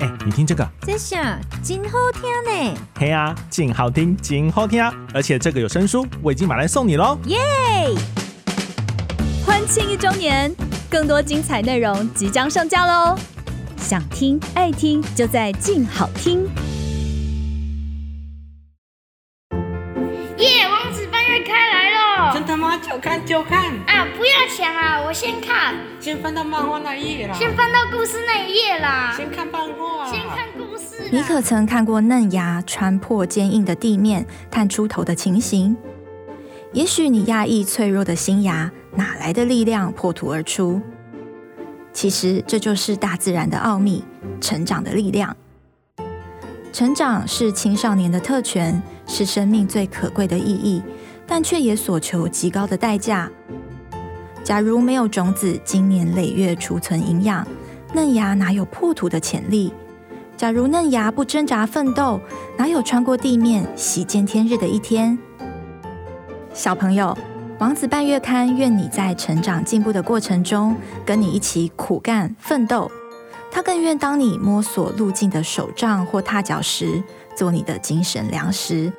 哎、欸，你聽這個，真響，啊，真好聽呢。嘿呀、啊，靜好聽，真好聽啊！而且這個有聲書我已經買來送你嘍。耶！Yeah! 歡慶一週年，更多精彩內容即將上架嘍。想聽愛聽就在靜好聽。耶，yeah, 王子半夜開來了！真的嗎？就看就看啊！不要錢啊！我先看。先翻到漫畫那一頁啦。先翻到故事那一頁啦。先看漫畫。先看故事。你可曾看過嫩芽穿破堅硬的地面，探出頭的情形？也許你訝異脆弱的新芽哪來的力量破土而出？其實這就是大自然的奧祕，成長的力量。成長是青少年的特權，是生命最可貴的意義，但卻也索求極高的代價。假如沒有種子，經年累月儲存營養，嫩芽哪有破土的潛力？假如嫩芽不掙扎奮鬥，哪有穿過地面、喜見天日的一天？小朋友，王子半月刊願你在成長進步的過程中，跟你一起苦幹奮鬥。他更願當你摸索路徑的手杖或踏腳石，做你的精神糧食。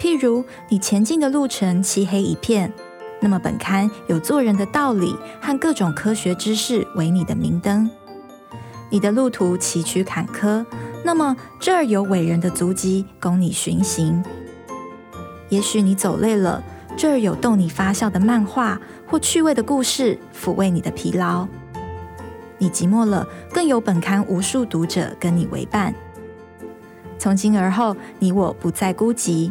譬如你前進的路程漆黑一片。那麼，本刊有做人的道理和各種科學知識為你的明燈。你的路途崎嶇坎坷，那麼這兒有偉人的足迹供你尋行。也許你走累了，這兒有逗你發笑的漫畫或趣味的故事撫慰你的疲勞。你寂寞了，更有本刊無數讀者跟你為伴。從今而後，你我不再孤寂。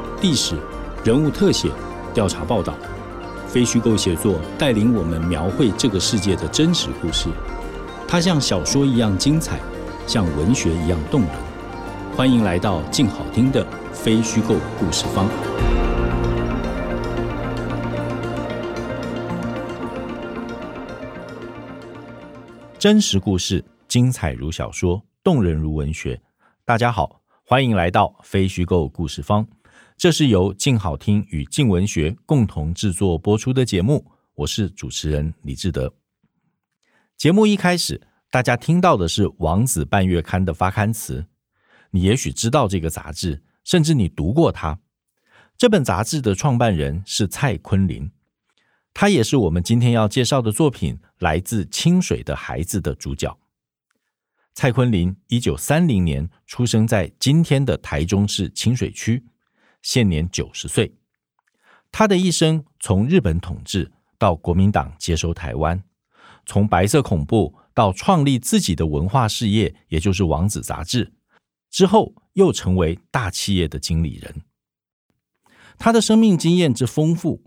歷史、人物特寫、調查報道、非虛構寫作，帶領我們描繪這個世界的真實故事。它像小說一樣精彩，像文學一樣動人。歡迎來到鏡好聽的非虛構故事坊。真實故事，精彩如小說，動人如文學。大家好，歡迎來到非虛構故事坊。這是由靜好聽與靜文學共同制作播出的節目，我是主持人李志德。節目一開始，大家聽到的是《王子半月刊》的發刊詞。你也許知道這個雜誌，甚至你讀過它。這本雜誌的創辦人是蔡焜霖，他也是我們今天要介紹的作品《來自清水的孩子》的主角。蔡焜霖一九三零年出生在今天的台中市清水區。現年九十歲，他的一生從日本統治到國民黨接收台灣，從白色恐怖到創立自己的文化事業，也就是《王子》雜誌，之後又成為大企業的經理人。他的生命經驗之豐富，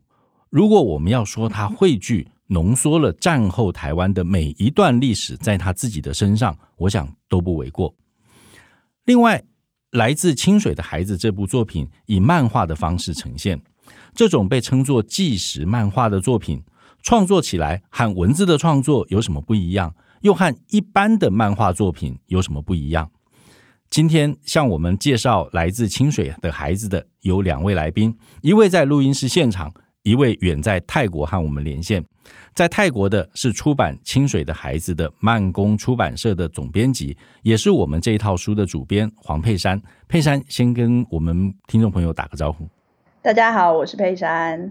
如果我們要說他匯聚濃縮了戰後台灣的每一段歷史，在他自己的身上，我想都不為過。另外，來自清水的孩子這部作品以漫畫的方式呈現，這種被稱作紀實漫畫的作品，創作起來和文字的創作有什麼不一樣？又和一般的漫畫作品有什麼不一樣？今天向我們介紹來自清水的孩子的有兩位來賓，一位在錄音室現場。一位遠在泰國和我們連線，在泰國的是出版《清水的孩子》的慢工出版社的總編輯，也是我們這一套書的主編黃珮珊。珮珊先跟我們聽眾朋友打個招呼。大家好，我是珮珊。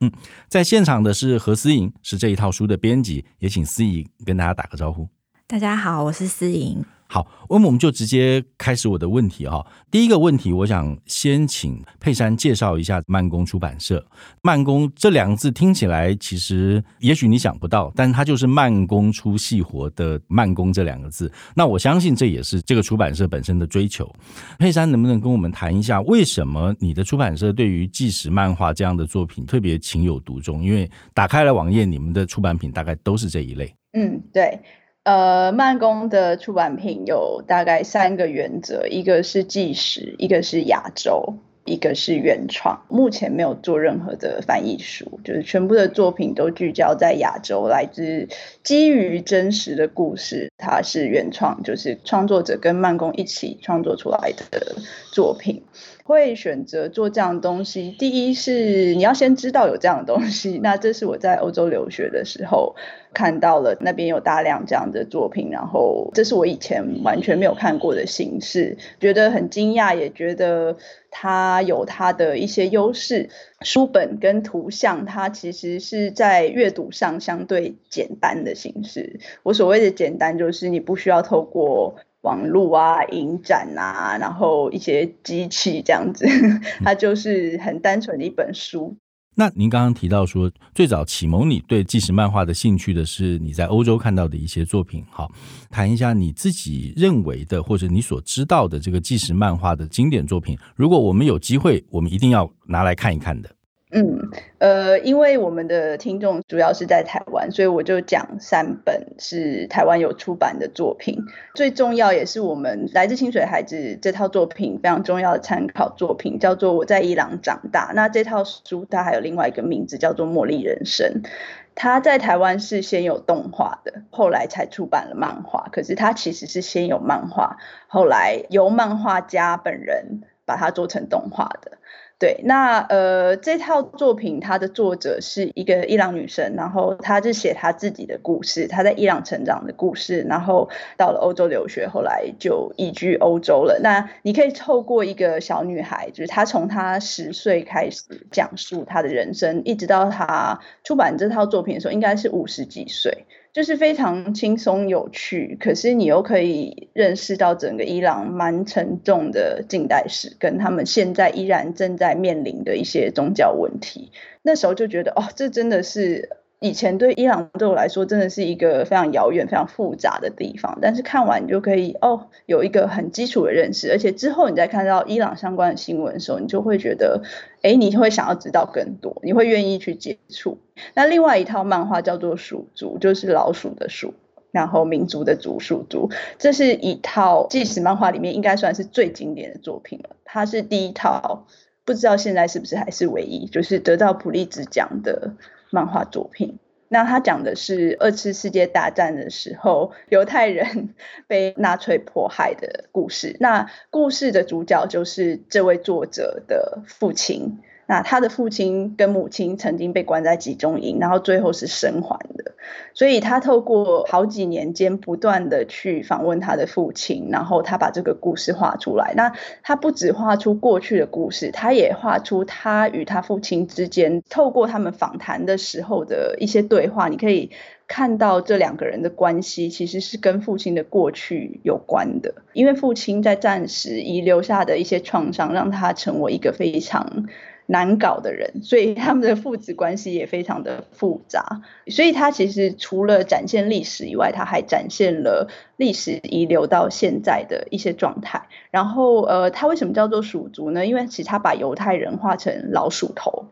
嗯，在現場的是何思穎，是這一套書的編輯，也請思穎跟大家打個招呼。大家好，我是思穎。好，那麼我們就直接開始我的問題哈、哦，第一個問題，我想先請佩珊介紹一下慢工出版社。慢工這兩個字聽起來，其實也許你想不到，但它就是“慢工出細活”的“慢工”這兩個字。那我相信這也是這個出版社本身的追求。佩珊能不能跟我們談一下，為什麼你的出版社對於紀實漫畫這樣的作品特別情有獨鍾？因為打開了網頁，你們的出版品大概都是這一類。嗯，對。呃，慢工的出版品有大概三個原則：一個是紀實，一個是亞洲，一個是原創。目前沒有做任何的翻譯書，就是全部的作品都聚焦在亞洲，來自基於真實的故事，它是原創，就是創作者跟慢工一起創作出來的作品。會選擇做這樣的東西，第一是你要先知道有這樣的東西。那這是我在歐洲留學的時候，看到了那邊有大量這樣的作品，然後這是我以前完全沒有看過的形式，覺得很驚訝，也覺得它有它的一些優勢。書本跟圖像，它其實是在閱讀上相對簡單的形式。我所謂的簡單，就是你不需要透過網路啊，影展啊，然後一些機器這樣子，它就是很單純的一本書。嗯。那您剛剛提到說，最早啟蒙你對紀實漫畫的興趣的是你在歐洲看到的一些作品。好，談一下你自己認為的或者你所知道的這個紀實漫畫的經典作品。如果我們有機會，我們一定要拿來看一看的。嗯，呃，因為我們的聽眾主要是在台灣，所以我就講三本是台灣有出版的作品。最重要也是我們來自清水的孩子這套作品非常重要的參考作品，叫做《我在伊朗長大》。那這套書它還有另外一個名字叫做《茉莉人生》。它在台灣是先有動畫的，後來才出版了漫畫。可是它其實是先有漫畫，後來由漫畫家本人把它做成動畫的。對，那呃，這套作品它的作者是一個伊朗女生，然後她就寫她自己的故事，她在伊朗成長的故事，然後到了歐洲留學，後來就移居歐洲了。那你可以透過一個小女孩，就是她從她十歲開始講述她的人生，一直到她出版這套作品的時候，應該是五十幾歲。就是非常輕鬆有趣，可是你又可以認識到整個伊朗蠻沉重的近代史，跟他們現在依然正在面臨的一些宗教問題。那時候就覺得，哦，這真的是。以前對伊朗對我來說真的是一個非常遙遠、非常複雜的地方，但是看完你就可以哦，有一個很基礎的認識，而且之後你再看到伊朗相關的新聞的時候，你就會覺得，哎，你會想要知道更多，你會願意去接觸。那另外一套漫畫叫做《鼠族》，就是老鼠的鼠，然後民族的族，鼠族。這是一套紀實漫畫裡面應該算是最經典的作品了，它是第一套，不知道現在是不是還是唯一，就是得到普利茲獎的。漫畫作品，那他講的是二次世界大戰的時候，猶太人被納粹迫害的故事。那故事的主角就是這位作者的父親。那他的父親跟母親曾經被關在集中營，然後最後是生還的。所以他透過好幾年間不斷地去訪問他的父親，然後他把這個故事畫出來。那他不只畫出過去的故事，他也畫出他與他父親之間透過他們訪談的時候的一些對話。你可以看到這兩個人的關係其實是跟父親的過去有關的，因為父親在戰時遺留下的一些創傷，讓他成為一個非常難搞的人，所以他們的父子關係也非常的複雜。所以他其實除了展現歷史以外，他還展現了歷史遺留到現在的一些狀態。然後，呃，他為什麼叫做鼠族呢？因為其實他把猶太人畫成老鼠頭。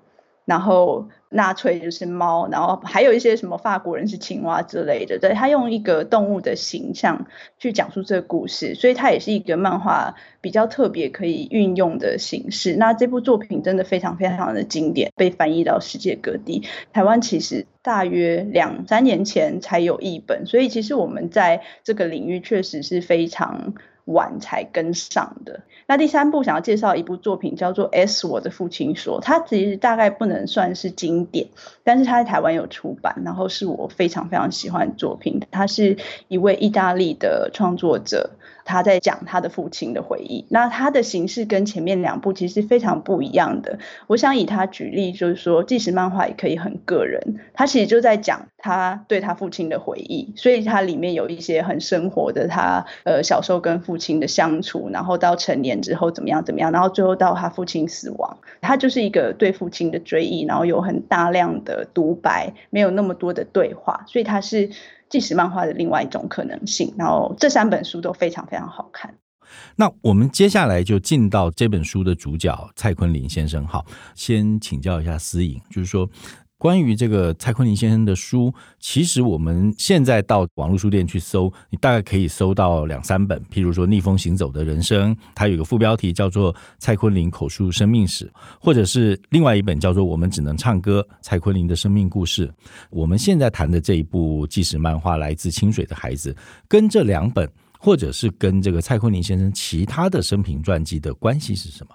然後納粹就是貓，然後還有一些什麼法國人是青蛙之類的。對，他用一個動物的形象去講述這個故事，所以它也是一個漫畫比較特別可以運用的形式。那這部作品真的非常非常的經典，被翻譯到世界各地。台灣其實大約兩三年前才有譯本，所以其實我們在這個領域確實是非常晚才跟上的。那第三部想要介紹一部作品，叫做《S》，我的父親說，它其實大概不能算是經典，但是它在台灣有出版，然後是我非常非常喜歡的作品。他是一位意大利的創作者。他在講他的父親的回憶，那他的形式跟前面兩部其實是非常不一樣的。我想以他舉例，就是說，即使漫畫也可以很個人。他其實就在講他對他父親的回憶，所以他裡面有一些很生活的他，他呃小時候跟父親的相處，然後到成年之後怎麼樣怎麼樣，然後最後到他父親死亡，他就是一個對父親的追憶，然後有很大量的獨白，沒有那麼多的對話，所以他是。紀實漫畫的另外一種可能性，然後這三本書都非常非常好看。那我們接下來就進到這本書的主角蔡焜霖先生，好，先請教一下思穎，就是說。關於這個蔡焜霖先生的書，其實我們現在到網絡書店去搜，你大概可以搜到兩三本，譬如說《逆風行走的人生》，它有個副標題叫做《蔡焜霖口述生命史》，或者是另外一本叫做《我們只能唱歌：蔡焜霖的生命故事》。我們現在談的這一部紀實漫畫《來自清水的孩子》，跟這兩本，或者是跟這個蔡焜霖先生其他的生平傳記的關係是什麼？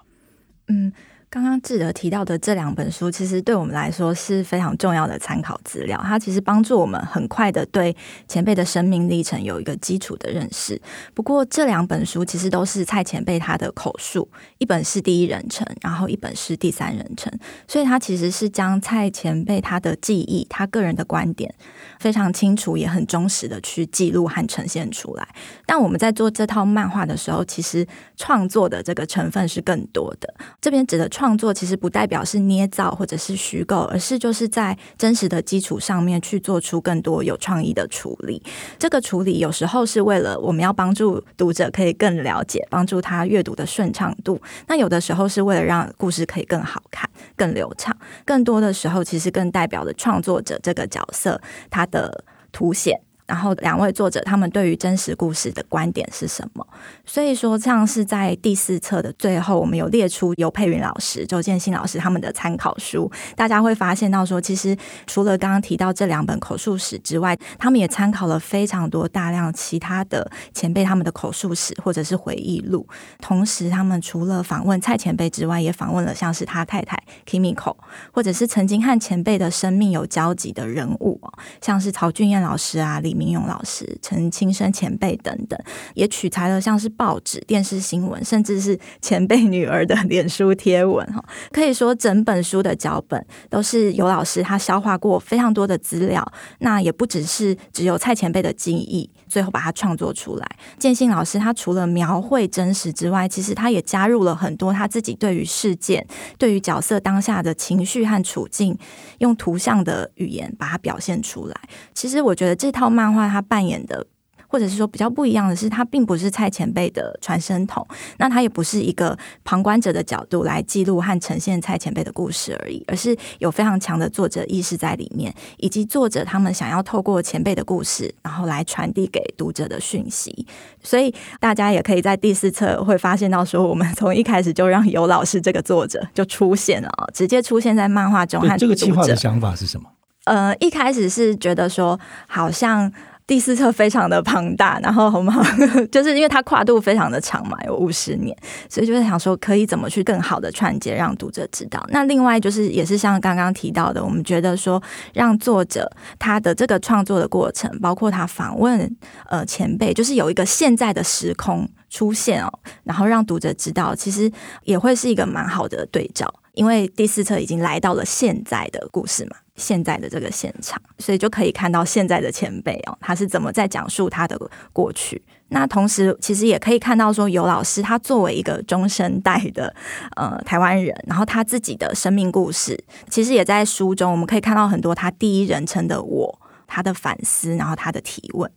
嗯。剛剛志德提到的這兩本書，其實對我們來說是非常重要的參考資料。它其實幫助我們很快的對前輩的生命歷程有一個基礎的認識。不過這兩本書其實都是蔡前輩他的口述，一本是第一人稱，然後一本是第三人稱，所以他其實是將蔡前輩他的記憶、他個人的觀點非常清楚，也很忠實的去記錄和呈現出來。但我們在做這套漫畫的時候，其實創作的這個成分是更多的。這邊指的創。創作其實不代表是捏造或者是虛構，而是就是在真實的基礎上面去做出更多有創意的處理。這個處理有時候是為了我們要幫助讀者可以更了解，幫助他閱讀的順暢度；那有的時候是為了讓故事可以更好看、更流暢；更多的時候，其實更代表了創作者這個角色，他的凸顯。然後兩位作者他們對於真實故事的觀點是什麼？所以說像是在第四冊的最後，我們有列出尤佩云老師、周建新老師他們的參考書，大家會發現到說，其實除了剛剛提到這兩本口述史之外，他們也參考了非常多大量其他的前輩他們的口述史或者是回憶錄。同時，他們除了訪問蔡前輩之外，也訪問了像是他太太 Kimiko，或者是曾經和前輩的生命有交集的人物，像是曹俊彥老師啊，李。明勇老師、陳清生前輩等等，也取材了像是報紙、電視新聞，甚至是前輩女兒的臉書貼文。哈，可以說，整本書的腳本都是游老師他消化過非常多的資料。那也不只是只有蔡前輩的記憶，最後把它創作出來。見信老師他除了描繪真實之外，其實他也加入了很多他自己對於事件、對於角色當下的情緒和處境，用圖像的語言把它表現出來。其實我覺得這套漫。漫畫他扮演的，或者是說比較不一樣的是，他並不是蔡前輩的傳聲筒，那他也不是一個旁觀者的角度來記錄和呈現蔡前輩的故事而已，而是有非常強的作者意識在裡面，以及作者他們想要透過前輩的故事，然後來傳遞給讀者的訊息。所以大家也可以在第四冊會發現到說，說我們從一開始就讓尤老師這個作者就出現了，直接出現在漫畫中。對，這個計劃的想法是什麼？呃，一開始是覺得說，好像第四冊非常的龐大，然後，好嗎？ 就是因為它跨度非常的長嘛，有五十年，所以就是想說，可以怎麼去更好的串接，讓讀者知道。那另外就是，也是像剛剛提到的，我們覺得說，讓作者他的這個創作的過程，包括他訪問呃前輩，就是有一個現在的時空出現哦，然後讓讀者知道，其實也會是一個蠻好的對照，因為第四冊已經來到了現在的故事嘛。現在的這個現場，所以就可以看到現在的前輩哦，他是怎麼在講述他的過去。那同時，其實也可以看到說，尤老師他作為一個中生代的呃台灣人，然後他自己的生命故事，其實也在書中，我們可以看到很多他第一人稱的我，他的反思，然後他的提問。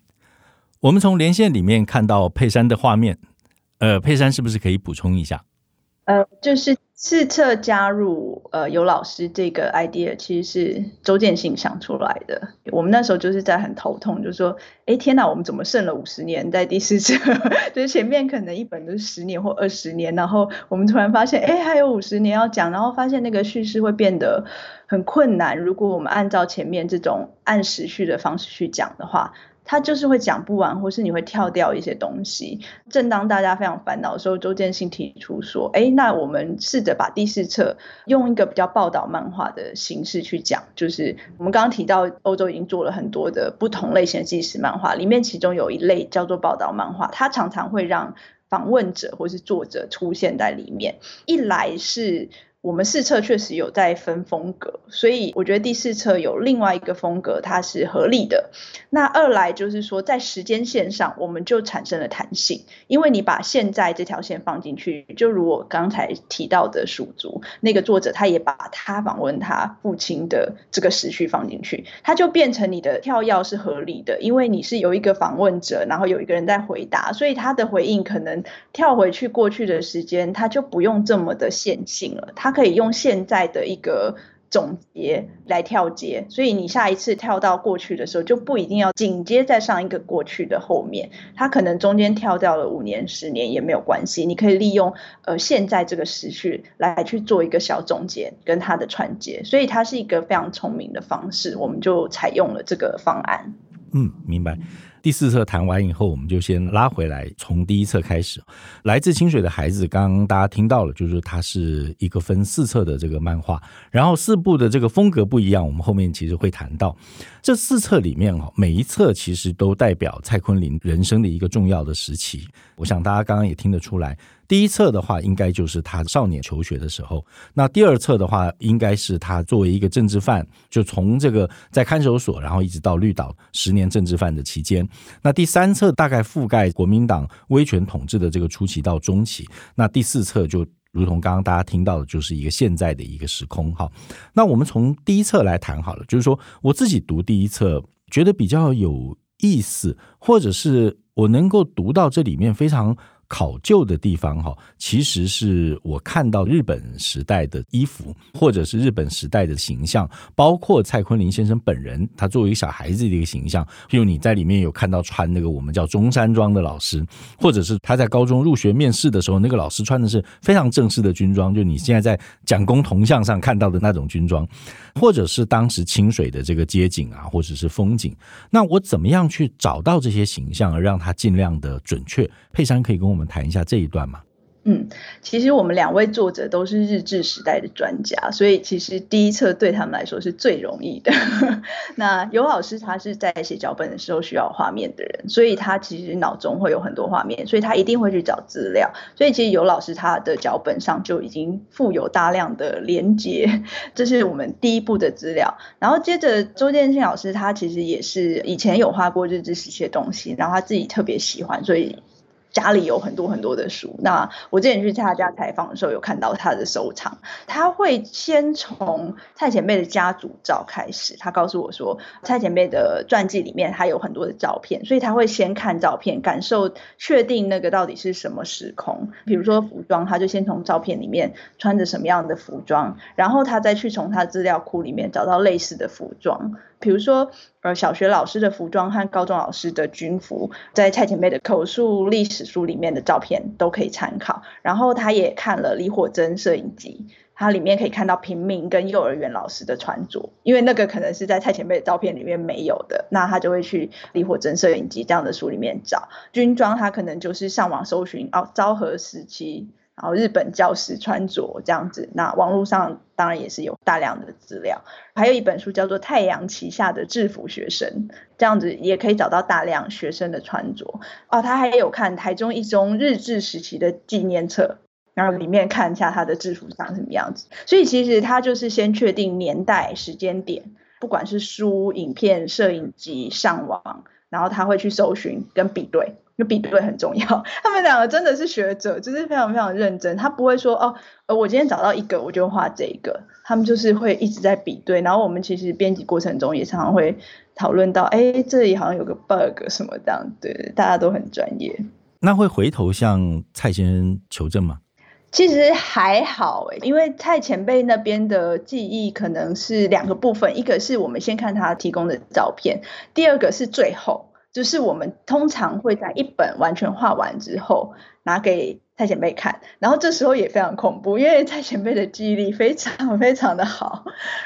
我們從連線裡面看到佩珊的畫面，呃，佩珊是不是可以補充一下？呃，就是四冊加入呃有老師這個 idea，其實是周建新想出來的。我們那時候就是在很頭痛，就說，哎、欸，天哪，我們怎麼剩了五十年在第四冊？ 就是前面可能一本都是十年或二十年，然後我們突然發現，哎、欸，還有五十年要講，然後發現那個敘事會變得很困難。如果我們按照前面這種按時序的方式去講的話。他就是會講不完，或是你會跳掉一些東西。正當大家非常煩惱的時候，周建新提出說：“誒，那我們試着把第四冊用一個比較報道漫畫的形式去講。”就是我們剛剛提到，歐洲已經做了很多的不同類型的紀實漫畫，裡面其中有一類叫做報道漫畫，它常常會讓訪問者或是作者出現在裡面。一來是……我們四冊確實有在分風格，所以我覺得第四冊有另外一個風格，它是合理的。那二來就是說，在時間線上我們就產生了彈性，因為你把現在這條線放進去，就如我剛才提到的《鼠族》那個作者，他也把他訪問他父親的這個時序放進去，它就變成你的跳躍是合理的，因為你是有一個訪問者，然後有一個人在回答，所以他的回應可能跳回去過去的時間，他就不用這麼的線性了，他。他可以用現在的一個總結來跳接，所以你下一次跳到過去的時候，就不一定要緊接在上一個過去的後面，他可能中間跳掉了五年、十年也沒有關係。你可以利用呃現在這個時序來去做一個小總結跟他的串接，所以它是一個非常聰明的方式。我們就採用了這個方案。嗯，明白。第四冊談完以後，我們就先拉回來，從第一冊開始。來自清水的孩子，剛剛大家聽到了，就是它是一個分四冊的這個漫畫，然後四部的這個風格不一樣，我們後面其實會談到。這四冊裡面哦，每一冊其實都代表蔡焜霖人生的一個重要的時期。我想大家剛剛也聽得出來。第一冊的話，應該就是他少年求學的時候；那第二冊的話，應該是他作為一個政治犯，就從這個在看守所，然後一直到綠島十年政治犯的期間；那第三冊大概覆蓋國民黨威權統治的這個初期到中期；那第四冊就如同剛剛大家聽到的，就是一個現在的一個時空。好，那我們從第一冊來談好了，就是說我自己讀第一冊覺得比較有意思，或者是我能夠讀到這裡面非常。考究的地方哈，其實是我看到日本時代的衣服，或者是日本時代的形象，包括蔡焜霖先生本人，他作為一個小孩子的一個形象，譬如你在裡面有看到穿那個我們叫中山裝的老師，或者是他在高中入學面試的時候，那個老師穿的是非常正式的軍裝，就你現在在蔣公銅像上看到的那種軍裝，或者是當時清水的這個街景啊，或者是風景，那我怎麼樣去找到這些形象，而讓他盡量的準確？佩山可以跟我們。我們談一下這一段嘛。嗯，其實我們兩位作者都是日治時代的專家，所以其實第一冊對他們來說是最容易的。 那尤老師他是在寫腳本的時候需要畫面的人，所以他其實腦中會有很多畫面，所以他一定會去找資料。所以其實尤老師他的腳本上就已經附有大量的連結，這是我們第一步的資料。然後接着周建新老師他其實也是以前有畫過日治時期的東西，然後他自己特別喜歡，所以。家裡有很多很多的書。那我之前去蔡家採訪的時候，有看到他的收藏。他會先從蔡前輩的家族照開始。他告訴我說，蔡前輩的傳記裡面還有很多的照片，所以他會先看照片，感受、確定那個到底是什麼時空。比如說服裝，他就先從照片裡面穿着什麼樣的服裝，然後他再去從他的資料庫裡面找到類似的服裝。比如說，呃，小學老師的服裝和高中老師的軍服，在蔡前輩的口述歷史史書裡面的照片都可以參考，然後他也看了李火珍攝影集，它裡面可以看到平民跟幼兒園老師的穿着，因為那個可能是在蔡前輩的照片裡面沒有的，那他就會去李火珍攝影集這樣的書裡面找軍裝，他可能就是上網搜尋哦，昭和時期。然後日本教師穿着這樣子，那網絡上當然也是有大量的資料，還有一本書叫做《太陽旗下的制服學生》，這樣子也可以找到大量學生的穿着。哦，他還有看台中一中日治時期的紀念冊，然後裡面看一下他的制服長什麼樣子。所以其實他就是先確定年代、時間點，不管是書、影片、攝影機、上網。然後他會去搜尋跟比對，因為比對很重要。他們兩個真的是學者，就是非常非常認真。他不會說哦，我今天找到一個，我就畫這個。他們就是會一直在比對。然後我們其實編輯過程中也常常會討論到，哎，這裡好像有個 bug 什麼這樣。對對，大家都很專業。那會回頭向蔡先生求證嗎？其實還好欸，因為蔡前輩那邊的記憶可能是兩個部分，一個是我們先看他提供的照片，第二個是最後，就是我們通常會在一本完全畫完之後。拿給蔡前輩看，然後這時候也非常恐怖，因為蔡前輩的記憶力非常非常的好，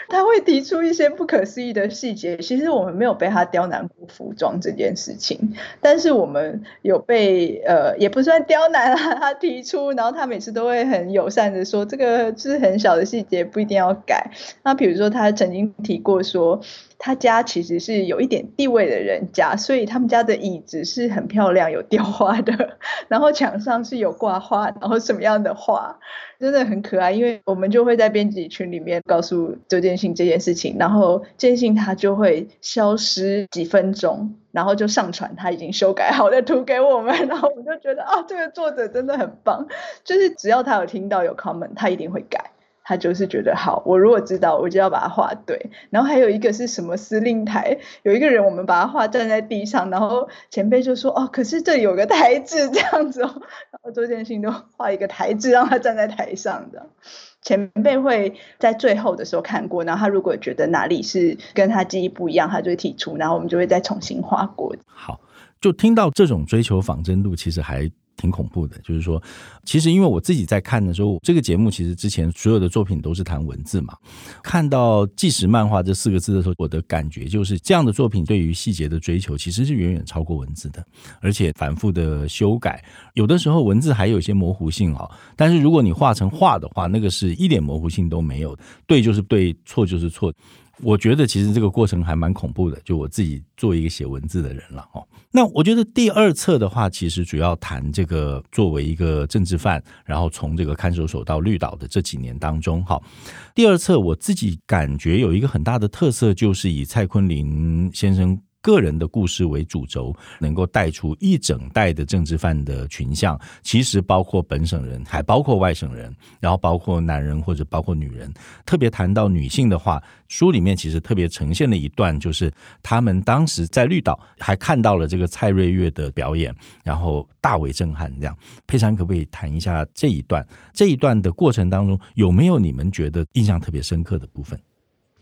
他會提出一些不可思議的細節。其實我們沒有被他刁難過服裝這件事情，但是我們有被呃也不算刁難啊，他提出，然後他每次都會很友善的說，這個是很小的細節，不一定要改。那比如說他曾經提過說，他家其實是有一點地位的人家，所以他們家的椅子是很漂亮、有雕花的，然後牆上。是有掛畫，然後什麼樣的畫，真的很可愛。因為我們就會在編輯群裡面告訴周見信這件事情，然後見信他就會消失幾分鐘，然後就上傳他已經修改好的圖給我們，然後我們就覺得啊、哦，這個作者真的很棒，就是只要他有聽到有 comment，他一定會改。他就是覺得好，我如果知道，我就要把它畫對。然後還有一個是什麼司令台，有一個人我們把它畫站在地上，然後前輩就說：“哦，可是這裡有個台子這樣子哦。”然後周建新就畫一個台子，讓他站在台上的。前輩會在最後的時候看過，然後他如果覺得哪裡是跟他記憶不一樣，他就會提出，然後我們就會再重新畫過。好，就聽到這種追求仿真度，其實還。挺恐怖的，就是說，其實因為我自己在看的時候，這個節目其實之前所有的作品都是談文字嘛。看到“紀實漫畫”這四個字的時候，我的感覺就是，這樣的作品對於細節的追求其實是遠遠超過文字的，而且反復的修改。有的時候文字還有一些模糊性啊、哦，但是如果你畫成畫的話，那個是一點模糊性都沒有，對就是對，錯就是錯。我覺得其實這個過程還蠻恐怖的，就我自己作為一個寫文字的人了。那我覺得第二冊的話，其實主要談這個作為一個政治犯，然後從這個看守所到綠島的這幾年當中，哈，第二冊我自己感覺有一個很大的特色，就是以蔡焜霖先生個人的故事為主軸，能夠帶出一整代的政治犯的群像，其實包括本省人，還包括外省人，然後包括男人或者包括女人。特別談到女性的話，書裡面其實特別呈現了一段，就是他們當時在綠島還看到了這個蔡瑞月的表演，然後大為震撼。這樣，佩珊可不可以談一下這一段？這一段的過程當中，有沒有你們覺得印象特別深刻的部分？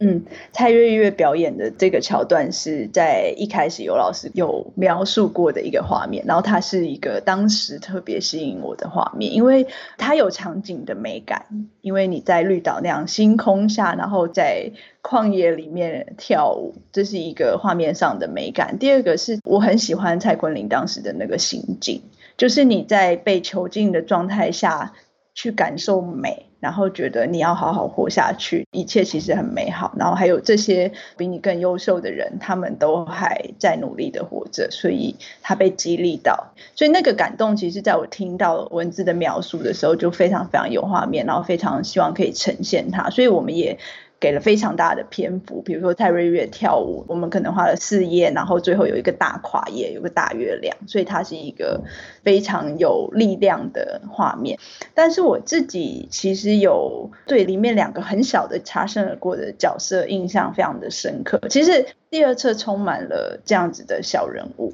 嗯，蔡月月表演的這個橋段是在一開始尤老師有描述過的一個畫面，然後它是一個當時特別吸引我的畫面，因為它有場景的美感，因為你在綠島那樣星空下，然後在曠野裡面跳舞，這是一個畫面上的美感。第二個是我很喜歡蔡焜霖當時的那個心境，就是你在被囚禁的狀態下去感受美。然後覺得你要好好活下去，一切其實很美好。然後還有這些比你更優秀的人，他們都還在努力的活着，所以他被激勵到。所以那個感動其實，在我聽到文字的描述的時候，就非常非常有畫面，然後非常希望可以呈現它。所以我們也。給了非常大的篇幅，比如說泰瑞越跳舞，我們可能花了四頁，然後最後有一個大跨頁，有個大月亮，所以它是一個非常有力量的畫面。但是我自己其實有對裡面兩個很小的擦身而過的角色印象非常的深刻。其實第二冊充滿了這樣子的小人物。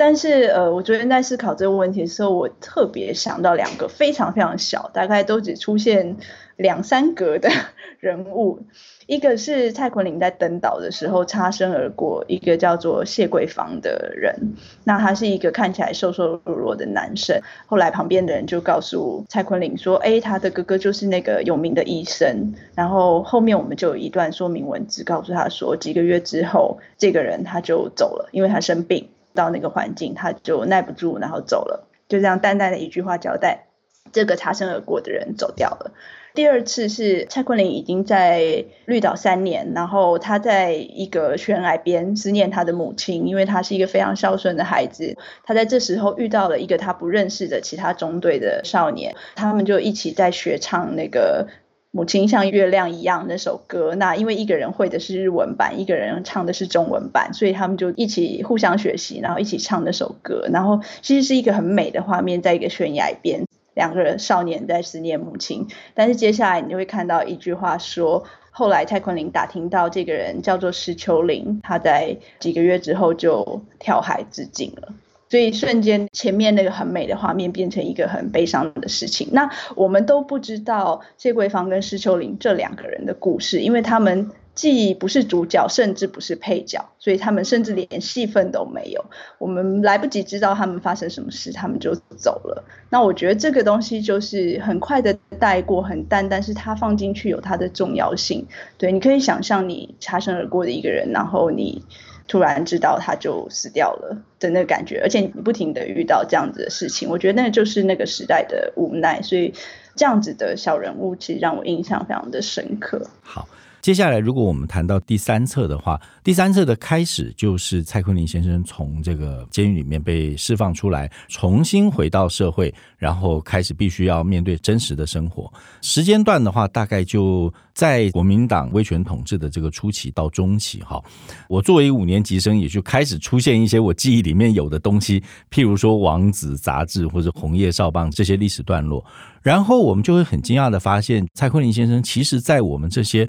但是，呃，我昨天在思考這個問題的時候，我特別想到兩個非常非常小，大概都只出現兩三格的人物。一個是蔡焜霖在登島的時候擦身而過，一個叫做謝桂芳的人。那他是一個看起來瘦瘦弱弱的男生。後來旁邊的人就告訴蔡焜霖說：“哎，他的哥哥就是那個有名的醫生。”然後後面我們就有一段說明文字告訴他說，幾個月之後，這個人他就走了，因為他生病。到那個環境，他就耐不住，然後走了。就這樣淡淡的一句話交代，這個擦身而過的人走掉了。第二次是蔡焜霖已經在綠島三年，然後他在一個懸崖邊思念他的母親，因為他是一個非常孝順的孩子。他在這時候遇到了一個他不認識的其他中隊的少年，他們就一起在學唱那個。母親像月亮一樣的那首歌，那因為一個人會的是日文版，一個人唱的是中文版，所以他們就一起互相學習，然後一起唱那首歌。然後其實是一個很美的畫面，在一個懸崖邊，兩個人少年在思念母親。但是接下來你就會看到一句話說，後來蔡焜霖打聽到這個人叫做石秋林，他在幾個月之後就跳海自盡了。所以瞬間，前面那個很美的畫面變成一個很悲傷的事情。那我們都不知道謝桂芳跟施秋林這兩個人的故事，因為他們既不是主角，甚至不是配角，所以他們甚至連戲份都沒有。我們來不及知道他們發生什麼事，他們就走了。那我覺得這個東西就是很快的帶過，很淡，但是它放進去有它的重要性。對，你可以想象你擦身而過的一個人，然後你。突然知道他就死掉了的那個感覺，而且你不停的遇到這樣子的事情，我覺得那就是那個時代的無奈。所以這樣子的小人物其實讓我印象非常的深刻。好，接下來如果我們談到第三冊的話，第三冊的開始就是蔡焜霖先生從這個監獄裡面被釋放出來，重新回到社會，然後開始必須要面對真實的生活。時間段的話，大概就。在國民黨威權統治的這個初期到中期，哈，我作為五年級生，也就開始出現一些我記憶裡面有的東西，譬如說《王子》雜誌或者《紅葉少棒》這些歷史段落，然後我們就會很驚訝的發現，蔡焜霖先生其實在我們這些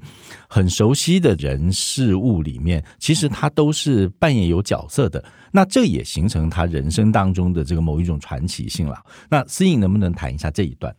很熟悉的人事物裡面，其實他都是扮演有角色的，那這也形成他人生當中的這個某一種傳奇性了。那思穎能不能談一下這一段？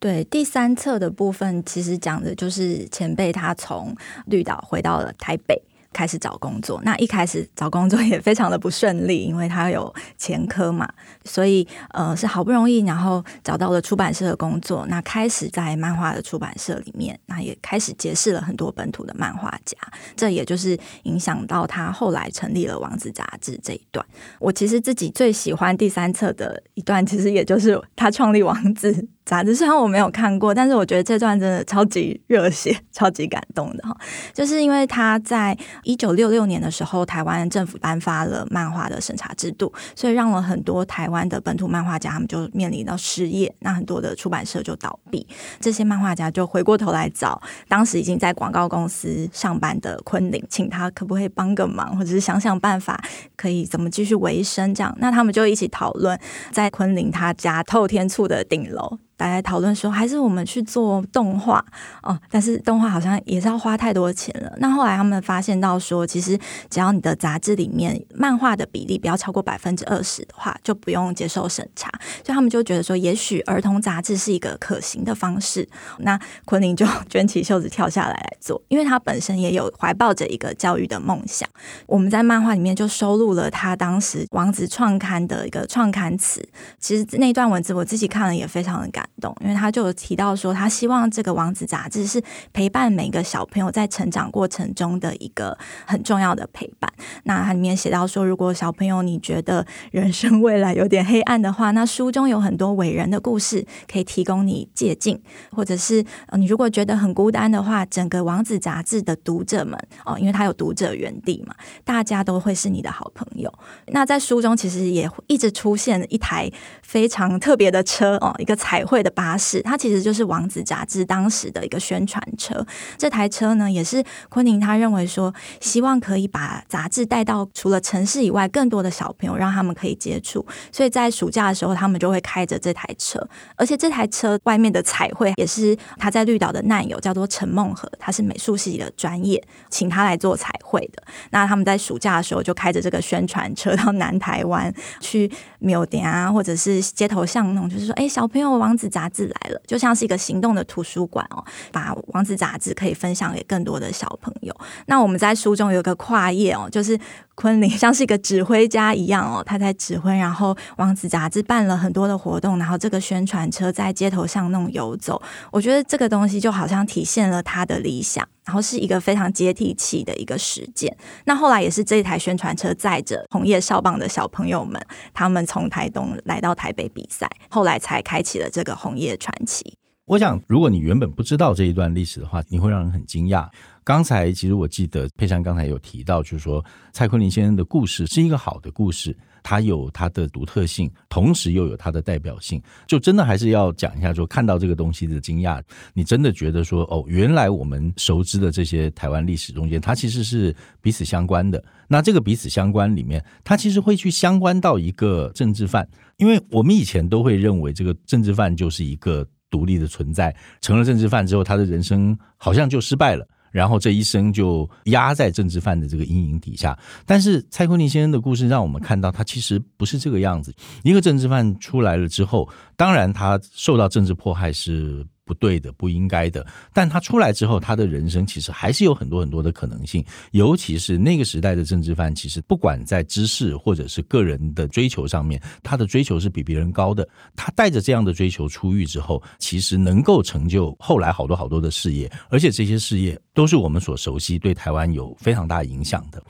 對，第三冊的部分，其實講的就是前輩他從綠島回到了台北，開始找工作。那一開始找工作也非常的不順利，因為他有前科嘛，所以呃是好不容易，然後找到了出版社的工作。那開始在漫畫的出版社裡面，那也開始結識了很多本土的漫畫家，這也就是影響到他後來成立了王子雜誌這一段。我其實自己最喜歡第三冊的一段，其實也就是他創立王子雜誌，雖然我沒有看過，但是我覺得這段真的超級熱血，超級感動的哈，就是因為他在一九六六年的時候，台灣政府頒發了漫畫的審查制度，所以讓了很多台灣的本土漫畫家他們就面臨到失業，那很多的出版社就倒閉，這些漫畫家就回過頭來找當時已經在廣告公司上班的焜霖，請他可不可以幫個忙，或者是想想辦法，可以怎麼繼續維生這樣。那他們就一起討論，在焜霖他家透天厝的頂樓。大家討論說，還是我們去做動畫哦，但是動畫好像也是要花太多錢了。那後來他們發現到說，其實只要你的雜誌裡面漫畫的比例不要超過百分之二十的話，就不用接受審查。所以他們就覺得說，也許兒童雜誌是一個可行的方式。那焜霖就捲起袖子跳下來來做，因為他本身也有懷抱着一個教育的夢想。我們在漫畫裡面就收錄了他當時王子創刊的一個創刊詞。其實那段文字我自己看了也非常的感。懂，因為他就有提到說，他希望這個王子雜誌是陪伴每個小朋友在成長過程中的一個很重要的陪伴。那他裡面寫到說，如果小朋友你覺得人生未來有點黑暗的話，那書中有很多偉人的故事可以提供你借鑑，或者是你如果覺得很孤單的話，整個王子雜誌的讀者們哦，因為他有讀者園地嘛，大家都會是你的好朋友。那在書中其實也一直出現一台非常特別的車哦，一個彩繪。的巴士，它其實就是《王子》雜誌當時的一個宣傳車。這台車呢，也是焜霖他認為說，希望可以把雜誌帶到除了城市以外更多的小朋友，讓他們可以接觸。所以在暑假的時候，他們就會開着這台車。而且這台車外面的彩繪也是他在綠島的難友叫做陳孟和，他是美術系的專業，請他來做彩繪的。那他們在暑假的時候就開着這個宣傳車到南台灣去廟頂啊，或者是街頭巷弄，就是說，哎，小朋友，王子。雜誌來了，就像是一個行動的圖書館哦，把王子雜誌可以分享給更多的小朋友。那我們在書中有一個跨頁哦，就是焜霖像是一個指揮家一樣哦，他在指揮，然後王子雜誌辦了很多的活動，然後這個宣傳車在街頭上弄遊走，我覺得這個東西就好像體現了他的理想。然後是一個非常接地氣的一個實踐。那後來也是這台宣傳車載着紅葉少棒的小朋友們，他們從台東來到台北比賽，後來才開啟了這個紅葉傳奇。我想，如果你原本不知道這一段歷史的話，你會讓人很驚訝。剛才其實我記得佩珊剛才有提到，就是說蔡焜霖先生的故事是一個好的故事。它有它的獨特性，同時又有它的代表性，就真的還是要講一下說，說看到這個東西的驚訝，你真的覺得說，哦，原來我們熟知的這些台灣歷史中間，它其實是彼此相關的。那這個彼此相關裡面，它其實會去相關到一個政治犯，因為我們以前都會認為這個政治犯就是一個獨立的存在，成了政治犯之後，他的人生好像就失敗了。然後這一生就壓在政治犯的這個陰影底下，但是蔡焜霖先生的故事讓我們看到，他其實不是這個樣子。一個政治犯出來了之後，當然他受到政治迫害是。不對的，不應該的。但他出來之後，他的人生其實還是有很多很多的可能性。尤其是那個時代的政治犯，其實不管在知識或者是個人的追求上面，他的追求是比別人高的。他帶着這樣的追求出獄之後，其實能夠成就後來好多好多的事業，而且這些事業都是我們所熟悉，對台灣有非常大影響的。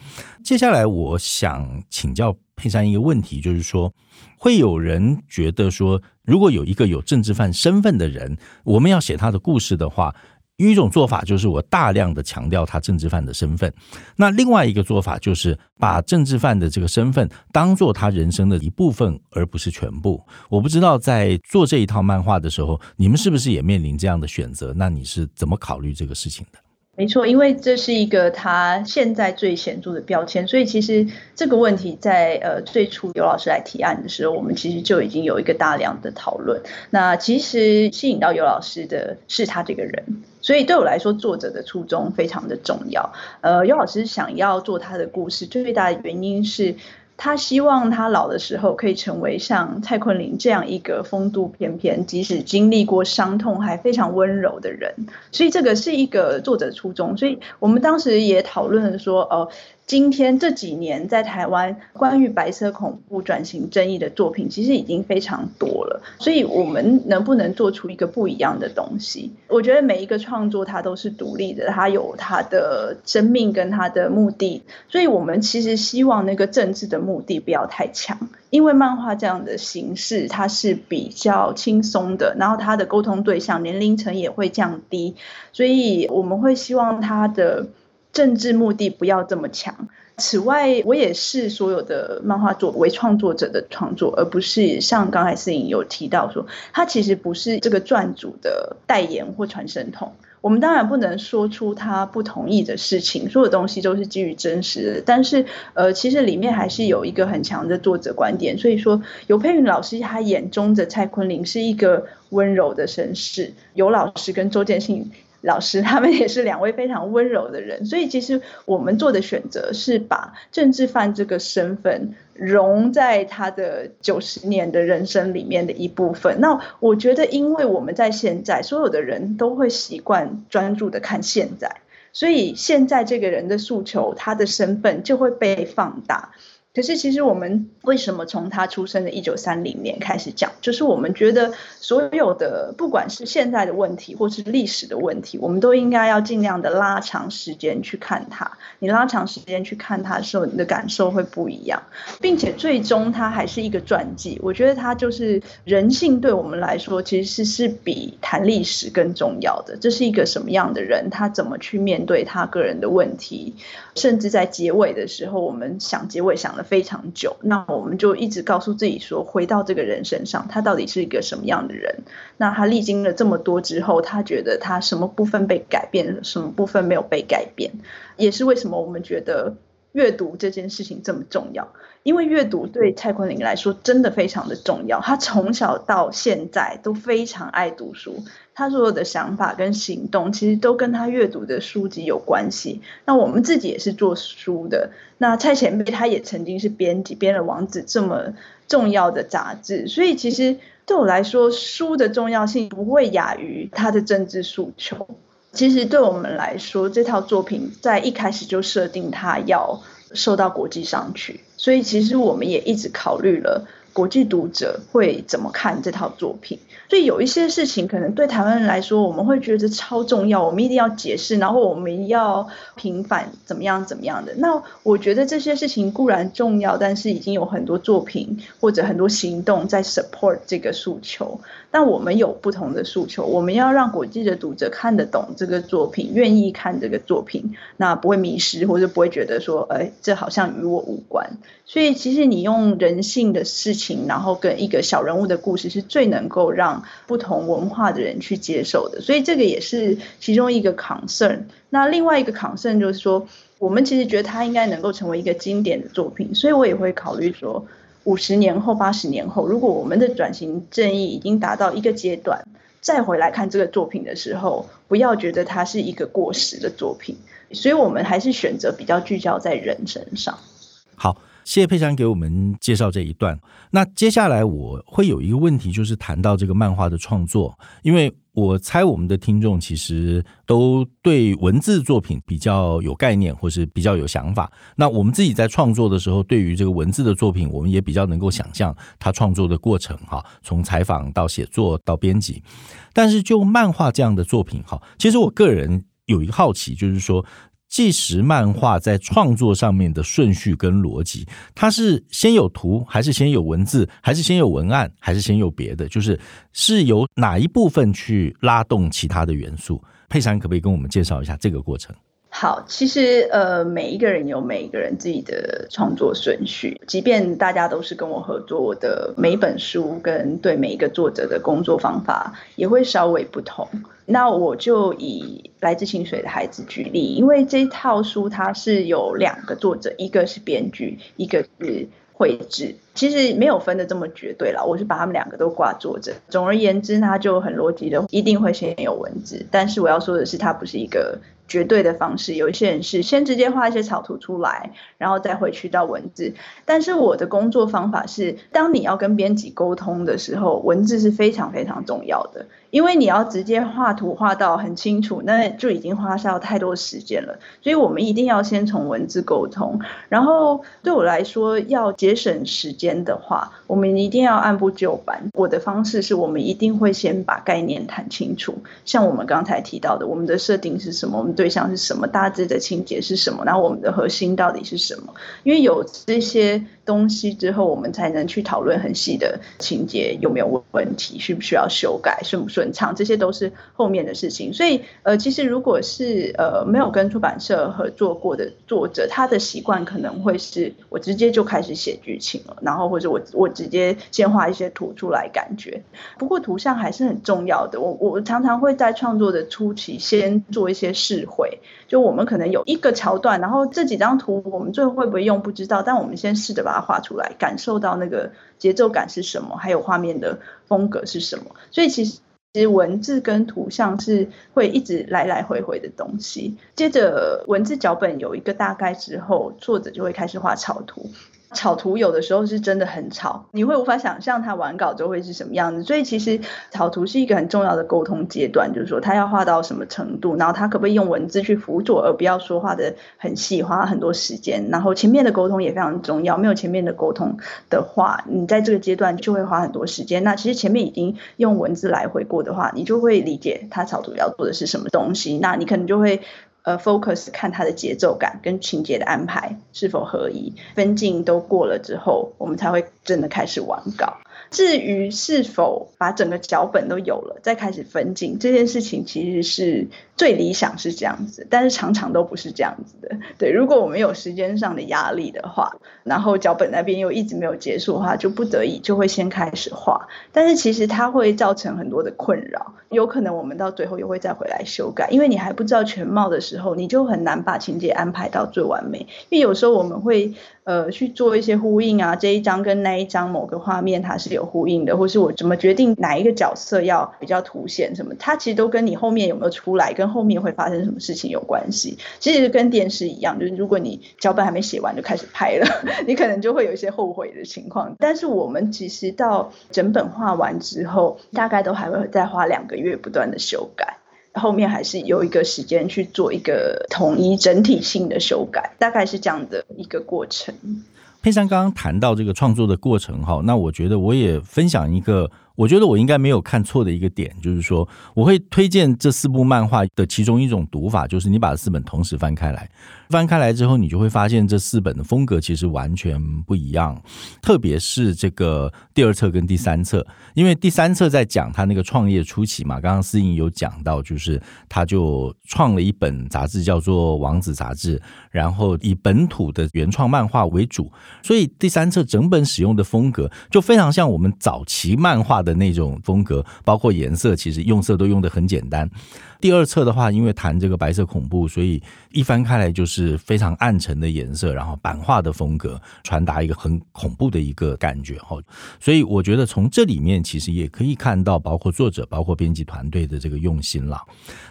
接下來，我想請教。配上一個問題，就是說，會有人覺得說，如果有一個有政治犯身份的人，我們要寫他的故事的話，一種做法就是我大量的強調他政治犯的身份。那另外一個做法就是把政治犯的這個身份當做他人生的一部分，而不是全部。我不知道在做這一套漫畫的時候，你們是不是也面臨這樣的選擇？那你是怎麼考慮這個事情的？沒錯，因為這是一個他現在最顯著的標籤，所以其實這個問題在呃最初尤老師來提案的時候，我們其實就已經有一個大量的討論。那其實吸引到尤老師的是他這個人，所以對我來說，作者的初衷非常的重要。呃，尤老師想要做他的故事，最大的原因是。他希望他老的時候可以成為像蔡焜霖這樣一個風度翩翩，即使經歷過傷痛還非常溫柔的人。所以這個是一個作者初衷。所以我們當時也討論了說，哦。今天這幾年在台灣關於白色恐怖轉型正義的作品，其實已經非常多了。所以，我們能不能做出一個不一樣的東西？我覺得每一個創作它都是獨立的，它有它的生命跟它的目的。所以我們其實希望那個政治的目的不要太強，因為漫畫這樣的形式它是比較輕鬆的，然後它的溝通對象年齡層也會降低，所以我們會希望它的。政治目的不要這麼強。此外，我也是所有的漫畫作為創作者的創作，而不是像剛才思穎有提到說，他其實不是這個傳主的代言或傳聲筒。我們當然不能說出他不同意的事情，所有東西都是基於真實的。但是，呃，其實裡面還是有一個很強的作者觀點。所以說，游珮芸老師他眼中的蔡焜霖是一個溫柔的紳士。游老師跟周見信，老師他們也是兩位非常溫柔的人，所以其實我們做的選擇是把政治犯這個身份融在他的九十年的人生裡面的一部分。那我覺得，因為我們在現在所有的人都會習慣專注的看現在，所以現在這個人的訴求，他的身份就會被放大。可是，其實我們為什麼從他出生的一九三零年開始講？就是我們覺得所有的，不管是現在的問題，或是歷史的問題，我們都應該要盡量的拉長時間去看他。你拉長時間去看他的時候，你的感受會不一樣，並且最終他還是一個傳記。我覺得他就是人性，對我們來說，其實是是比談歷史更重要的。這是一個什麼樣的人？他怎麼去面對他個人的問題？甚至在結尾的時候，我們想結尾想的非常久，那我們就一直告訴自己說，回到這個人身上，他到底是一個什麼樣的人？那他歷經了這麼多之後，他覺得他什麼部分被改變，什麼部分沒有被改變，也是為什麼我們覺得閱讀這件事情這麼重要，因為閱讀對蔡坤林來說真的非常的重要，他從小到現在都非常愛讀書。他所有的想法跟行動，其實都跟他閱讀的書籍有關係。那我們自己也是做書的，那蔡前輩他也曾經是編輯，編了《王子》這麼重要的雜誌，所以其實對我來說，書的重要性不會亞於他的政治訴求。其實對我們來說，這套作品在一開始就設定他要受到國際上去，所以其實我們也一直考慮了國際讀者會怎麼看這套作品。所以有一些事情可能對台灣人來說，我們會覺得超重要，我們一定要解釋，然後我們要平反，怎麼樣怎麼樣的。那我覺得這些事情固然重要，但是已經有很多作品或者很多行動在 support 這個訴求。但我們有不同的訴求，我們要讓國際的讀者看得懂這個作品，願意看這個作品，那不會迷失，或者不會覺得說，哎，這好像與我無關。所以，其實你用人性的事情，然後跟一個小人物的故事，是最能夠讓不同文化的人去接受的。所以，這個也是其中一個 concern。那另外一個 concern 就是說，我們其實覺得它應該能夠成為一個經典的作品，所以我也會考慮說。五十年後、八十年後，如果我們的轉型正義已經達到一個階段，再回來看這個作品的時候，不要覺得它是一個過時的作品。所以，我們還是選擇比較聚焦在人身上。好，謝謝佩珊給我們介紹這一段。那接下來我會有一個問題，就是談到這個漫畫的創作，因為。我猜我們的聽眾其實都對文字作品比較有概念，或是比較有想法。那我們自己在創作的時候，對於這個文字的作品，我們也比較能夠想象他創作的過程，哈，從採訪到寫作到編輯。但是就漫畫這樣的作品，哈，其實我個人有一個好奇，就是說。紀實漫畫在創作上面的順序跟邏輯，它是先有圖，還是先有文字，還是先有文案，還是先有別的？就是是由哪一部分去拉動其他的元素？佩珊可不可以跟我們介紹一下這個過程？好，其實呃，每一個人有每一個人自己的創作順序，即便大家都是跟我合作的，每一本書跟對每一個作者的工作方法也會稍微不同。那我就以來自清水的孩子舉例，因為這一套書它是有兩個作者，一個是編劇，一個是繪製，其實沒有分得這麼絕對啦，我是把他們兩個都掛作者。總而言之，它就很邏輯的，一定會先有文字。但是我要說的是，它不是一個。絕對的方式，有一些人是先直接畫一些草圖出來，然後再回去到文字。但是我的工作方法是，當你要跟編輯溝通的時候，文字是非常非常重要的。因為你要直接畫圖畫到很清楚，那就已經花銷太多時間了。所以，我們一定要先從文字溝通。然後，對我來說，要節省時間的話，我們一定要按部就班。我的方式是我們一定會先把概念談清楚。像我們剛才提到的，我們的設定是什麼？我們對象是什麼？大致的情節是什麼？然後，我們的核心到底是什麼？因為有這些東西之後，我們才能去討論很細的情節有沒有問題，需不需要修改，順不順準唱，這些都是後面的事情，所以呃，其實如果是呃沒有跟出版社合作過的作者，他的習慣可能會是我直接就開始寫劇情了，然後或者我我直接先畫一些圖出來感覺。不過圖像還是很重要的。我我常常會在創作的初期先做一些試繪，就我們可能有一個橋段，然後這幾張圖我們最後會不會用不知道，但我們先試着把它畫出來，感受到那個節奏感是什麼，還有畫面的風格是什麼。所以其實。其實文字跟圖像是會一直來來回回的東西。接着文字腳本有一個大概之後，作者就會開始畫草圖。草圖有的時候是真的很吵，你會無法想象他完稿之後會是什麼樣子。所以其實草圖是一個很重要的溝通階段，就是說他要畫到什麼程度，然後他可不可以用文字去輔佐，而不要說話得很細，花很多時間。然後前面的溝通也非常重要，沒有前面的溝通的話，你在這個階段就會花很多時間。那其實前面已經用文字來回過的話，你就會理解他草圖要做的是什麼東西，那你可能就會。呃，focus 看它的節奏感跟情節的安排是否合宜，分鏡都過了之後，我們才會真的開始完稿。至於是否把整個腳本都有了再開始分鏡，這件事情其實是。最理想是這樣子，但是常常都不是這樣子的。對，如果我們有時間上的壓力的話，然後腳本那邊又一直沒有結束的話，就不得已就會先開始畫。但是其實它會造成很多的困擾，有可能我們到最後又會再回來修改，因為你還不知道全貌的時候，你就很難把情節安排到最完美。因為有時候我們會呃去做一些呼應啊，這一張跟那一張某個畫面它是有呼應的，或是我怎麼決定哪一個角色要比較凸顯什麼，它其實都跟你後面有沒有出來跟。後面會發生什麼事情有關係，其實跟電視一樣，就是如果你腳本還沒寫完就開始拍了，你可能就會有一些後悔的情況。但是我們其實到整本畫完之後，大概都還會再花兩個月不斷的修改，後面還是有一個時間去做一個統一整體性的修改，大概是這樣的一個過程。佩珊剛剛談到這個創作的過程哈，那我覺得我也分享一個，我覺得我應該沒有看錯的一個點，就是說我會推薦這四部漫畫的其中一種讀法，就是你把四本同時翻開來，翻開來之後，你就會發現這四本的風格其實完全不一樣。特別是這個第二冊跟第三冊，因為第三冊在講他那個創業初期嘛，剛剛思穎有講到，就是他就創了一本雜誌叫做《王子雜誌》，然後以本土的原創漫畫為主，所以第三冊整本使用的風格就非常像我們早期漫畫的的那種風格，包括顏色，其實用色都用得很簡單。第二冊的話，因為談這個白色恐怖，所以一翻開來就是非常暗沉的顏色，然後版畫的風格，傳達一個很恐怖的一個感覺。所以我覺得從這裡面其實也可以看到，包括作者，包括編輯團隊的這個用心了。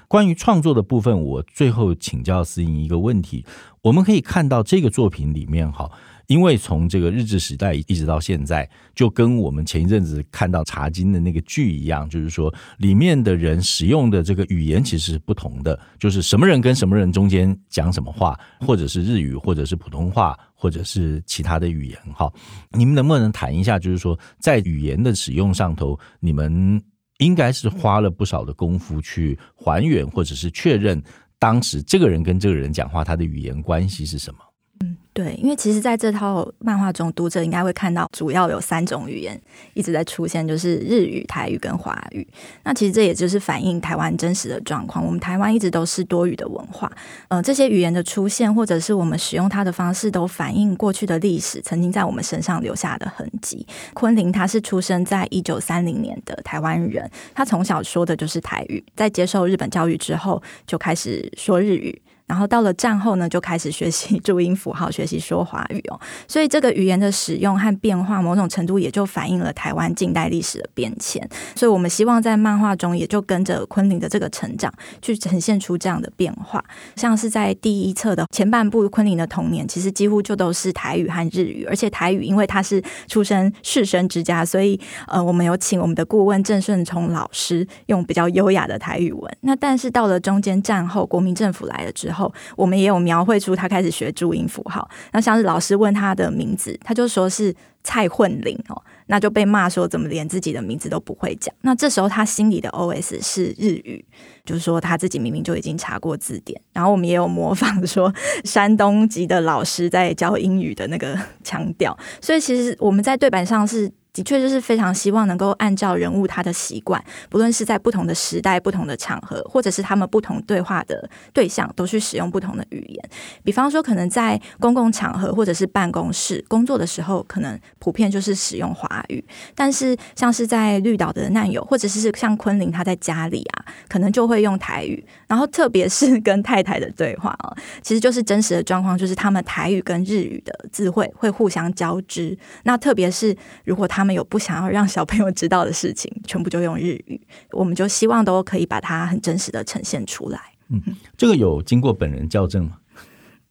關於創作的部分，我最後請教思穎一個問題：我們可以看到這個作品裡面哈。因為從這個日治時代一直到現在，就跟我們前一陣子看到茶金的那個劇一樣，就是說裡面的人使用的這個語言其實是不同的，就是什麼人跟什麼人中間講什麼話，或者是日語，或者是普通話，或者是其他的語言。哈，你們能不能談一下，就是說在語言的使用上頭，你們應該是花了不少的功夫去還原，或者是確認當時這個人跟這個人講話他的語言關係是什麼？嗯，對，因為其實，在這套漫畫中，讀者應該會看到主要有三種語言一直在出現，就是日語、台語跟華語。那其實這也就是反映台灣真實的狀況。我們台灣一直都是多語的文化，嗯、呃，這些語言的出現或者是我們使用它的方式，都反映過去的歷史曾經在我們身上留下的痕跡。焜霖他是出生在一九三零年的台灣人，他從小說的就是台語，在接受日本教育之後就開始說日語。然後到了戰後呢，就開始學習注音符號，學習說華語哦。所以這個語言的使用和變化，某種程度也就反映了台灣近代歷史的變遷。所以我們希望在漫畫中，也就跟着焜霖的這個成長，去呈現出這樣的變化。像是在第一冊的前半部，焜霖的童年其實幾乎就都是台語和日語，而且台語因為他是出身士紳之家，所以呃，我們有請我們的顧問鄭順聰老師用比較優雅的台語文。那但是到了中間戰後，國民政府來了之後。後，我們也有描繪出他開始學注音符號。那像是老師問他的名字，他就說是蔡焜霖哦，那就被罵說怎麼連自己的名字都不會講。那這時候他心裡的 OS 是日語，就是說他自己明明就已經查過字典。然後我們也有模仿說山東籍的老師在教英語的那個腔調，所以其實我們在對版上是。的確就是非常希望能夠按照人物他的習慣，不論是在不同的時代、不同的場合，或者是他們不同對話的對象，都去使用不同的語言。比方說，可能在公共場合或者是辦公室工作的時候，可能普遍就是使用華語。但是像是在綠島的難友，或者是像焜霖他在家裡啊，可能就會用台語。然後特別是跟太太的對話啊，其實就是真實的狀況，就是他們台語跟日語的字彙會互相交織。那特別是如果他。他們有不想要讓小朋友知道的事情，全部就用日語。我們就希望都可以把它很真實的呈現出來。嗯，這個有經過本人校正嗎？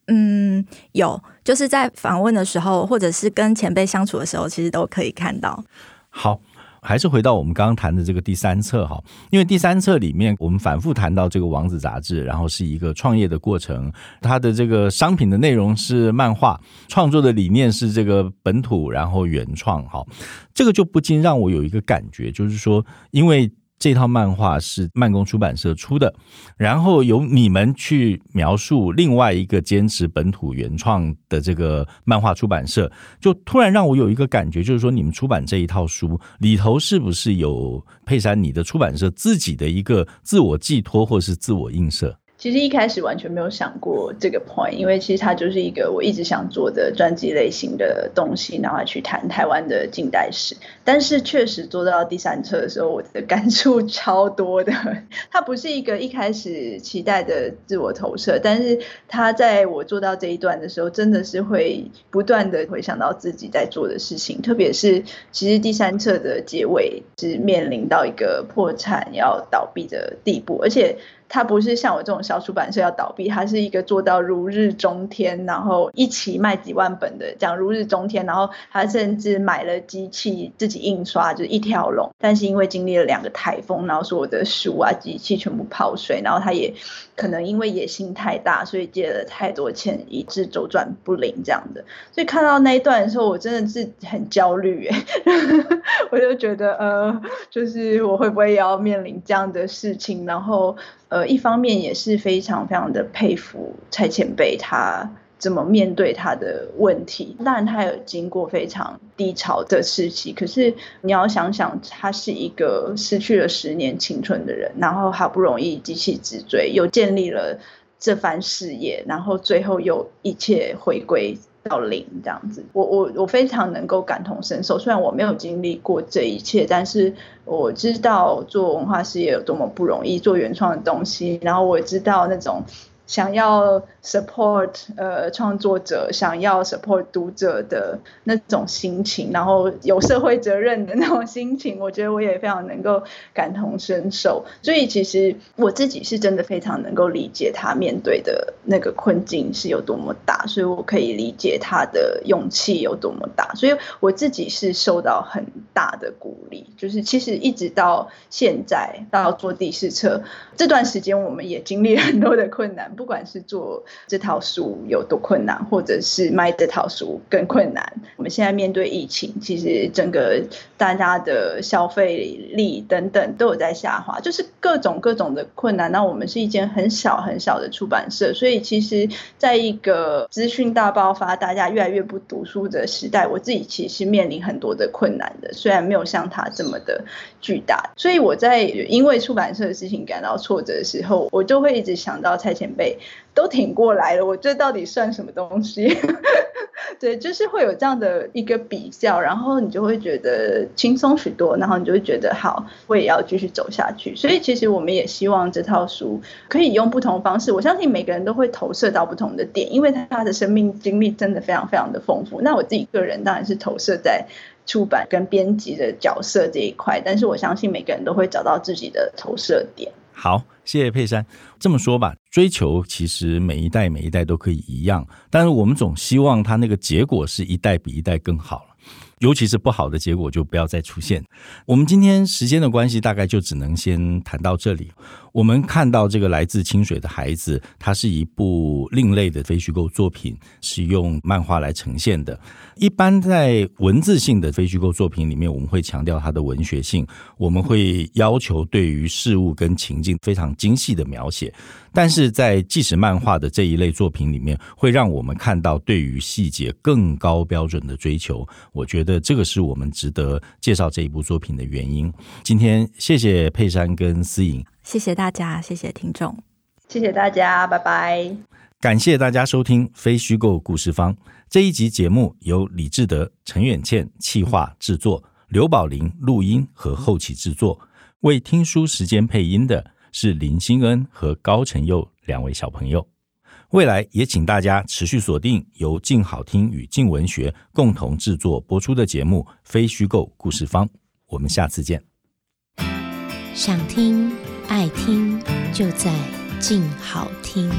嗯，有，就是在訪問的時候，或者是跟前輩相處的時候，其實都可以看到。好。還是回到我們剛剛談的這個第三冊哈，因為第三冊裡面我們反覆談到這個《王子雜誌》，然後是一個創業的過程，它的這個商品的內容是漫畫，創作的理念是這個本土，然後原創哈，這個就不禁讓我有一個感覺，就是說因為。這套漫畫是慢工出版社出的，然後由你們去描述另外一個堅持本土原創的這個漫畫出版社，就突然讓我有一個感覺，就是說你們出版這一套書裡頭是不是有佩珊你的出版社自己的一個自我寄託，或是自我映射？其實一開始完全沒有想過這個 point，因為其實它就是一個我一直想做的專輯類型的東西，然後去談台灣的近代史。但是確實做到第三冊的時候，我的感觸超多的。它不是一個一開始期待的自我投射，但是它在我做到這一段的時候，真的是會不斷的回想到自己在做的事情，特別是其實第三冊的結尾是面臨到一個破產要倒閉的地步，而且。他不是像我這種小出版社要倒閉，他是一個做到如日中天，然後一起賣幾萬本的，講如日中天，然後他甚至買了機器自己印刷，就是一條龍。但是因為經歷了兩個颱風，然後所有的書啊機器全部泡水，然後他也可能因為野心太大，所以借了太多錢，以致周轉不靈這樣的。所以看到那一段的時候，我真的是很焦慮哎、欸， 我就覺得呃，就是我會不會也要面臨這樣的事情，然後。呃，一方面也是非常非常的佩服蔡前輩他怎麼面對他的問題。當然，他有經過非常低潮的時期，可是你要想想，他是一個失去了十年青春的人，然後好不容易急起直追，又建立了這番事業，然後最後又一切回歸。到零這樣子，我我我非常能夠感同身受。雖然我沒有經歷過這一切，但是我知道做文化事業有多麼不容易，做原創的東西，然後我知道那種。想要 support 呃，創作者，想要 support 讀者的那種心情，然後有社會責任的那種心情，我覺得我也非常能夠感同身受。所以其實我自己是真的非常能夠理解他面對的那個困境是有多麼大，所以我可以理解他的勇氣有多麼大。所以我自己是受到很大的鼓勵。就是其實一直到現在到做第四冊，這段時間，我們也經歷很多的困難。不管是做這套書有多困難，或者是賣這套書更困難。我們現在面對疫情，其實整個大家的消費力等等都有在下滑，就是各種各種的困難。那我們是一間很小很小的出版社，所以其實在一個資訊大爆發、大家越來越不讀書的時代，我自己其實面臨很多的困難的。雖然沒有像他這麼的巨大，所以我在因為出版社的事情感到挫折的時候，我就會一直想到蔡前輩。都挺過來了，我這到底算什麼東西？ 對，就是會有這樣的一個比較，然後你就會覺得輕鬆許多，然後你就會覺得好，我也要繼續走下去。所以其實我們也希望這套書可以用不同方式，我相信每個人都會投射到不同的點，因為他的生命經歷真的非常非常的豐富。那我自己個人當然是投射在出版跟編輯的角色這一塊，但是我相信每個人都會找到自己的投射點。好，謝謝佩珊。這麼說吧，追求其實每一代每一代都可以一樣，但是我們總希望它那個結果是一代比一代更好。尤其是不好的結果就不要再出現。我們今天時間的關係，大概就只能先談到這裡。我們看到這個來自清水的孩子，它是一部另類的非虛構作品，是用漫畫來呈現的。一般在文字性的非虛構作品裡面，我們會強調它的文學性，我們會要求對於事物跟情境非常精細的描寫。但是在即使漫畫的這一類作品裡面，會讓我們看到對於細節更高標準的追求。我覺得。的這個是我們值得介紹這一部作品的原因。今天謝謝佩珊跟思穎，謝謝大家，謝謝聽眾，謝謝大家，拜拜。感謝大家收聽《非虛構故事坊》這一集節目，由李志德、陳遠倩企劃制作，劉寶林錄音和後期制作，為聽書時間配音的是林清恩和高承佑兩位小朋友。未來也請大家持續鎖定由靜好聽與靜文學共同制作播出的節目《非虛構故事坊》，我們下次見。想聽愛聽就在靜好聽。